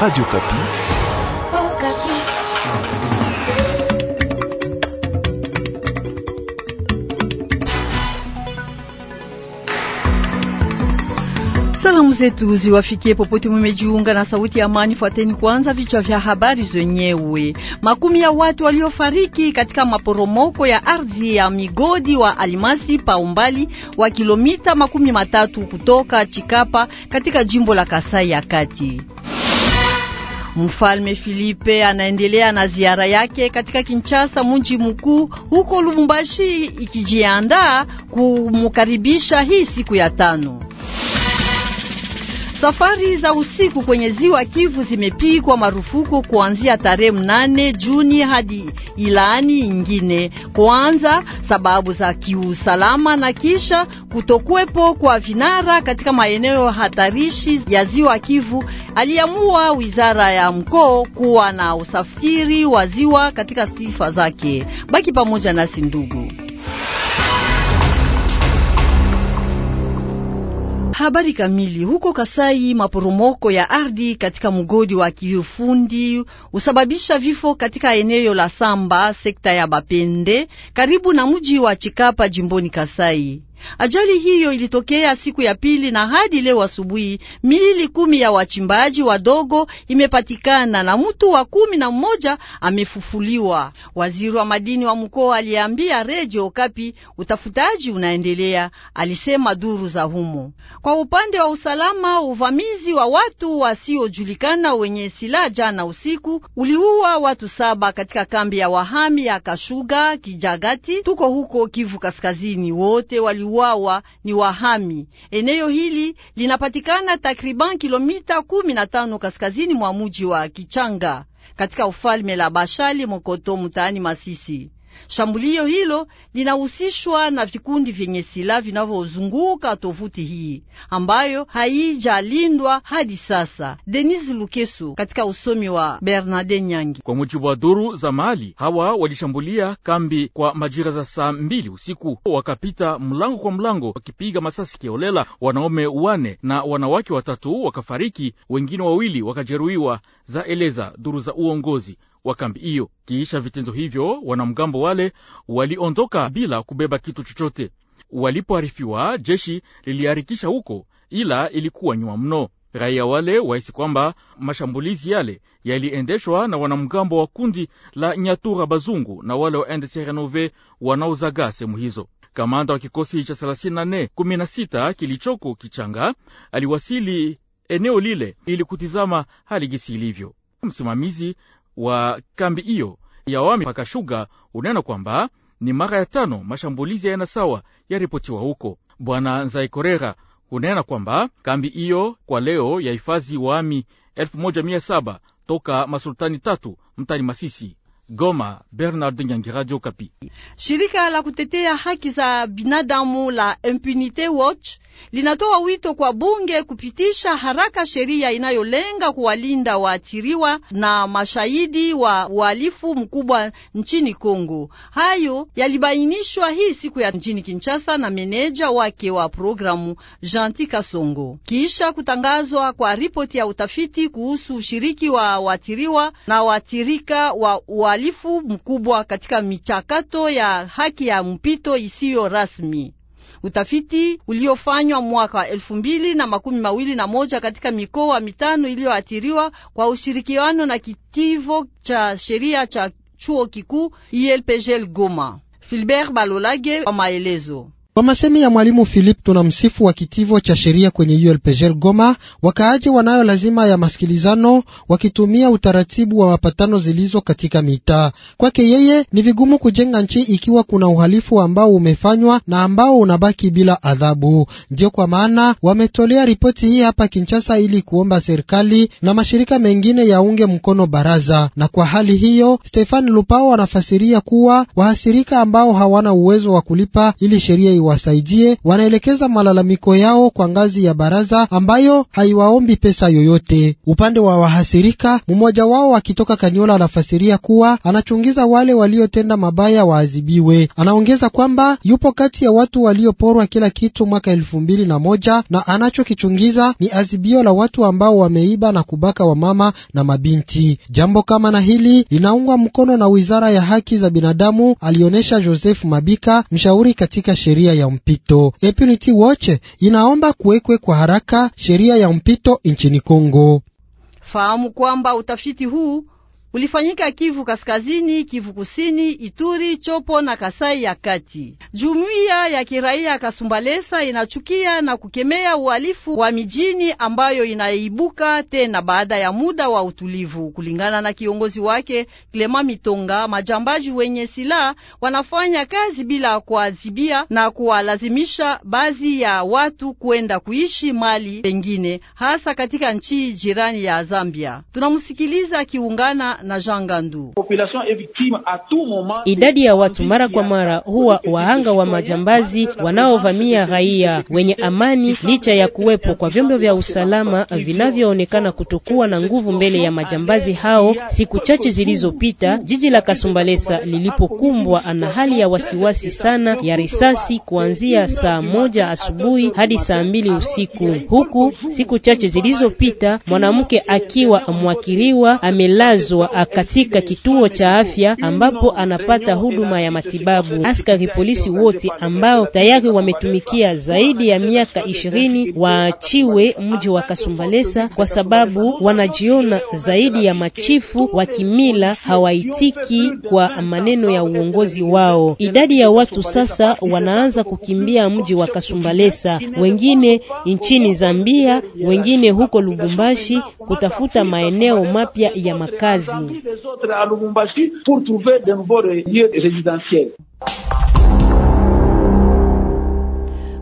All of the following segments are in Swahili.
Radio Kapi. Oh, Kapi. Salamu zetu ziwafikie popote mumejiunga na sauti ya amani. Fuateni kwanza vichwa vya habari zenyewe. Makumi ya watu waliofariki katika maporomoko ya ardhi ya migodi wa almasi pa umbali wa kilomita makumi matatu kutoka Chikapa katika jimbo la Kasai ya Kati. Mfalme Filipe anaendelea na ziara yake katika Kinshasa, mji mkuu, huko Lubumbashi ikijiandaa kumkaribisha hii siku ya tano. Safari za usiku kwenye ziwa Kivu zimepigwa marufuku kuanzia tarehe mnane Juni hadi ilani ingine. Kwanza sababu za kiusalama na kisha kutokuwepo kwa vinara katika maeneo hatarishi ya ziwa Kivu, aliamua wizara ya mkoo kuwa na usafiri wa ziwa katika sifa zake. Baki pamoja nasi ndugu. Habari kamili huko Kasai, maporomoko ya ardhi katika mgodi wa kiufundi usababisha vifo katika eneo la Samba, sekta ya Bapende, karibu na mji wa Chikapa, jimboni Kasai. Ajali hiyo ilitokea siku ya pili na hadi leo asubuhi miili kumi ya wachimbaji wadogo imepatikana na mtu wa kumi na mmoja amefufuliwa. Waziri wa madini wa mkoa aliambia Redio Okapi utafutaji unaendelea, alisema duru za humo. Kwa upande wa usalama, uvamizi wa watu wasiojulikana wenye silaha jana usiku uliua watu saba katika kambi ya wahami ya Kashuga Kijagati, tuko huko Kivu Kaskazini. Wote wali waliuawa ni wahami. Eneo hili linapatikana takriban kilomita kumi na tano kaskazini mwa muji wa Kichanga katika ufalme la Bashali Mokoto mtaani Masisi. Shambulio hilo linahusishwa na vikundi vyenye silaha vinavyozunguka tovuti hii ambayo haijalindwa hadi sasa. Denis Lukesu katika usomi wa Bernarde Nyangi. Kwa mujibu wa dhuru za mali hawa walishambulia kambi kwa majira za saa mbili usiku, wakapita mlango kwa mlango wakipiga masasi kiolela. Wanaume wane na wanawake watatu wakafariki, wengine wawili wakajeruhiwa, za eleza dhuru za uongozi wa kambi hiyo. Kiisha vitendo hivyo, wanamgambo wale waliondoka bila kubeba kitu chochote. Walipoarifiwa, jeshi liliharikisha huko, ila ilikuwa nyuma mno. Raia wale wahisi kwamba mashambulizi yale yaliendeshwa na wanamgambo wa kundi la Nyatura Bazungu na wale wa NDC Renove wanaozaga sehemu hizo. Kamanda wa kikosi cha 3416 kilichoko Kichanga aliwasili eneo lile ili kutizama hali gisi ilivyo. Msimamizi wa kambi hiyo ya wami Pakashuga unena kwamba ni mara ya tano mashambulizi ya sawa yaripotiwa huko. Bwana Nzaikorera unena kwamba kambi hiyo kwa leo ya hifadhi waami 1700 toka masultani tatu mtani Masisi. Goma, Bernard Nyangi, Radio Kapi. Shirika la kutetea haki za binadamu la Impunity Watch linatoa wito kwa bunge kupitisha haraka sheria inayolenga kuwalinda waathiriwa na mashahidi wa uhalifu mkubwa nchini Kongo. Hayo yalibainishwa hii siku ya nchini Kinshasa na meneja wake wa programu Janti Kasongo kisha kutangazwa kwa ripoti ya utafiti kuhusu ushiriki wa waathiriwa na waathirika wa uhalifu uhalifu mkubwa katika michakato ya haki ya mpito isiyo rasmi. Utafiti uliofanywa mwaka elfu mbili na makumi mawili na moja katika mikoa mitano iliyoathiriwa kwa ushirikiano na kitivo cha sheria cha chuo kikuu ILPGL Goma. Filbert Balolage wa maelezo kwa masemi ya mwalimu Philip tuna msifu wa kitivo cha sheria kwenye ULPGL Goma, wakaaji wanayo lazima ya masikilizano wakitumia utaratibu wa mapatano zilizo katika mitaa. Kwake yeye ni vigumu kujenga nchi ikiwa kuna uhalifu ambao umefanywa na ambao unabaki bila adhabu. Ndiyo kwa maana wametolea ripoti hii hapa Kinshasa ili kuomba serikali na mashirika mengine yaunge mkono baraza. Na kwa hali hiyo, Stefan Lupao anafasiria kuwa wahasirika ambao hawana uwezo wa kulipa ili sheria wasaidie, wanaelekeza malalamiko yao kwa ngazi ya baraza ambayo haiwaombi pesa yoyote. Upande wa wahasirika, mmoja wao akitoka Kaniola anafasiria kuwa anachungiza wale waliotenda mabaya waadhibiwe. Anaongeza kwamba yupo kati ya watu walioporwa kila kitu mwaka elfu mbili na moja na anachokichungiza ni azibio la watu ambao wameiba na kubaka wamama na mabinti. Jambo kama na hili linaungwa mkono na Wizara ya Haki za Binadamu, alionyesha Joseph Mabika, mshauri katika sheria sheria ya mpito. Impunity Watch inaomba kuwekwe kwa haraka sheria ya mpito nchini Kongo. Fahamu kwamba utafiti huu ulifanyika Kivu Kaskazini, Kivu Kusini, Ituri, Chopo na Kasai ya Kati. Jumuiya ya kiraia Kasumbalesa inachukia na kukemea uhalifu wa mijini ambayo inaibuka tena baada ya muda wa utulivu. Kulingana na kiongozi wake klema Mitonga, majambaji wenye silaha wanafanya kazi bila kuadhibia na kuwalazimisha baadhi ya watu kwenda kuishi mali pengine, hasa katika nchi jirani ya Zambia. Tunamsikiliza kiungana na Jean Gandu. Idadi ya watu mara kwa mara huwa wahanga wa majambazi wanaovamia raia wenye amani, licha ya kuwepo kwa vyombo vya usalama vinavyoonekana kutokuwa na nguvu mbele ya majambazi hao. Siku chache zilizopita, jiji la Kasumbalesa lilipokumbwa na hali ya wasiwasi sana ya risasi kuanzia saa moja asubuhi hadi saa mbili usiku, huku siku chache zilizopita mwanamke akiwa mwakiliwa amelazwa katika kituo cha afya ambapo anapata huduma ya matibabu. Askari polisi wote ambao tayari wametumikia zaidi ya miaka ishirini waachiwe mji wa Kasumbalesa kwa sababu wanajiona zaidi ya machifu wa kimila, hawaitiki kwa maneno ya uongozi wao. Idadi ya watu sasa wanaanza kukimbia mji wa Kasumbalesa, wengine nchini Zambia, wengine huko Lubumbashi kutafuta maeneo mapya ya makazi remplir les autres à Lubumbashi pour trouver de nouveaux lieux résidentiels.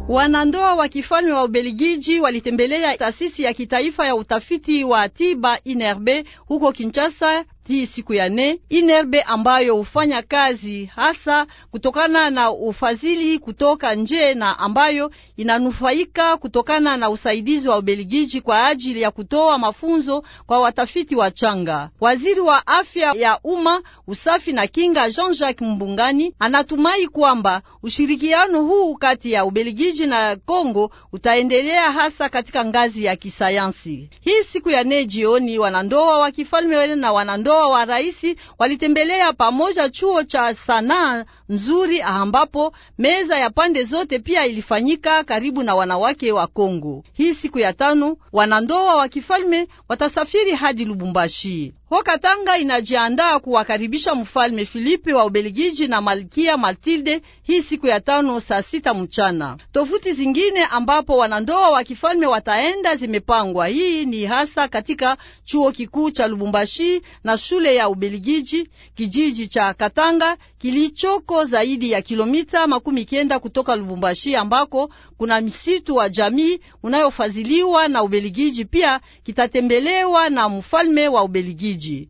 Wanandoa wa kifalme wa Ubelgiji walitembelea taasisi ya kitaifa ya utafiti wa tiba INERB huko Kinshasa hii siku ya nne inerbe ambayo hufanya kazi hasa kutokana na ufadhili kutoka nje na ambayo inanufaika kutokana na usaidizi wa Ubelgiji kwa ajili ya kutoa mafunzo kwa watafiti wa changa. Waziri wa afya ya umma, usafi na kinga Jean-Jacques Mbungani anatumai kwamba ushirikiano huu kati ya Ubelgiji na Kongo utaendelea hasa katika ngazi ya kisayansi. Hii siku ya nne jioni, wanandoa wa kifalme na wanandoa mkoa wa rais walitembelea pamoja chuo cha sanaa nzuri ambapo meza ya pande zote pia ilifanyika karibu na wanawake wa Kongo. Hii siku ya tano, wanandoa wa kifalme watasafiri hadi Lubumbashi katanga inajiandaa kuwakaribisha mfalme Filipe wa Ubelgiji na malkia Matilde hii siku ya tano saa sita mchana. Tovuti zingine ambapo wanandoa wa kifalme wataenda zimepangwa. Hii ni hasa katika chuo kikuu cha Lubumbashi na shule ya Ubelgiji kijiji cha Katanga kilichoko zaidi ya kilomita makumi kenda kutoka Lubumbashi, ambako kuna msitu wa jamii unayofadhiliwa na Ubeligiji. Pia kitatembelewa na mfalme wa Ubeligiji.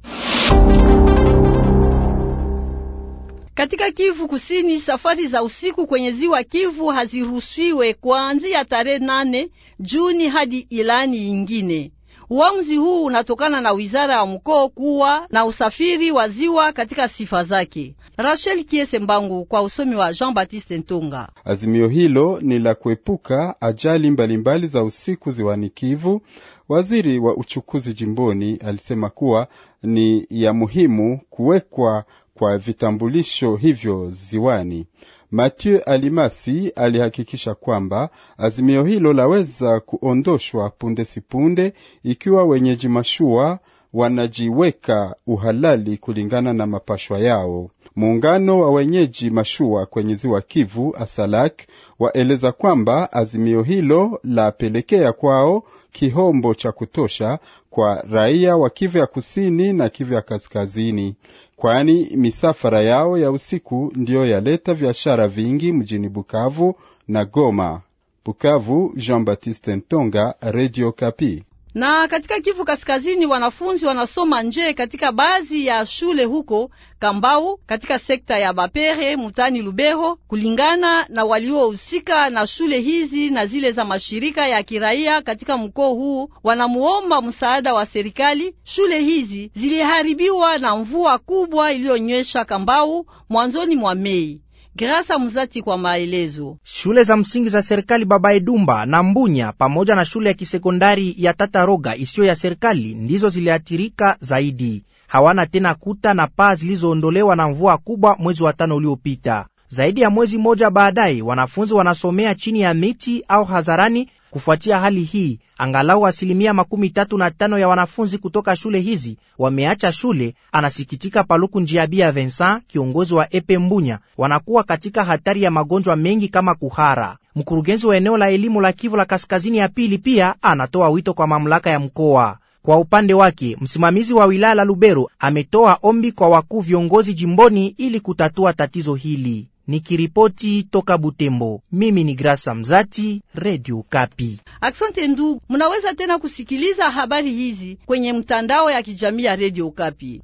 Katika Kivu Kusini, safari za usiku kwenye ziwa Kivu haziruhusiwe kuanzia tarehe nane Juni hadi ilani ingine Uamuzi huu unatokana na wizara ya mkoo kuwa na usafiri wa ziwa katika sifa zake. Rachel Kiese Mbangu kwa usomi wa Jean-Baptiste Ntonga. Azimio hilo ni la kuepuka ajali mbalimbali mbali za usiku ziwani Kivu. Waziri wa uchukuzi jimboni alisema kuwa ni ya muhimu kuwekwa kwa vitambulisho hivyo ziwani. Mathieu Alimasi alihakikisha kwamba azimio hilo laweza kuondoshwa punde sipunde ikiwa wenyeji mashua wanajiweka uhalali kulingana na mapashwa yao. Muungano wa wenyeji mashua kwenye ziwa Kivu, Asalak, waeleza kwamba azimio hilo lapelekea kwao kihombo cha kutosha kwa raia wa Kivu ya kusini na Kivu ya kaskazini, kwani misafara yao ya usiku ndiyo yaleta biashara vingi mjini Bukavu na Goma. Bukavu, Jean Baptiste Ntonga, Radio Kapi. Na katika Kivu Kaskazini, wanafunzi wanasoma nje katika baadhi ya shule huko Kambau katika sekta ya Bapere mutani Lubero, kulingana na waliohusika na shule hizi na zile za mashirika ya kiraia katika mkoa huu, wanamuomba msaada wa serikali. Shule hizi ziliharibiwa na mvua kubwa iliyonyesha Kambau mwanzoni mwa Mei. Grasa Mzati kwa maelezo. Shule za msingi za serikali Baba Edumba na Mbunya pamoja na shule ya kisekondari ya Tata Roga isiyo ya serikali ndizo ziliathirika zaidi. Hawana tena kuta na paa zilizoondolewa na mvua kubwa mwezi wa tano uliopita. Zaidi ya mwezi mmoja baadaye, wanafunzi wanasomea chini ya miti au hadharani Kufuatia hali hii, angalau asilimia makumi tatu na tano ya wanafunzi kutoka shule hizi wameacha shule, anasikitika Paluku Njiabia Vincent, kiongozi wa Epe Mbunya. Wanakuwa katika hatari ya magonjwa mengi kama kuhara. Mkurugenzi wa eneo la elimu la Kivu la kaskazini ya pili pia anatoa wito kwa mamlaka ya mkoa kwa upande wake msimamizi wa wilaya la Lubero ametoa ombi kwa wakuu viongozi jimboni ili kutatua tatizo hili. Nikiripoti toka Butembo, mimi ni Grasa Mzati, Radio Kapi. Aksante ndugu, munaweza tena kusikiliza habari hizi kwenye mtandao ya kijamii ya Radio Kapi.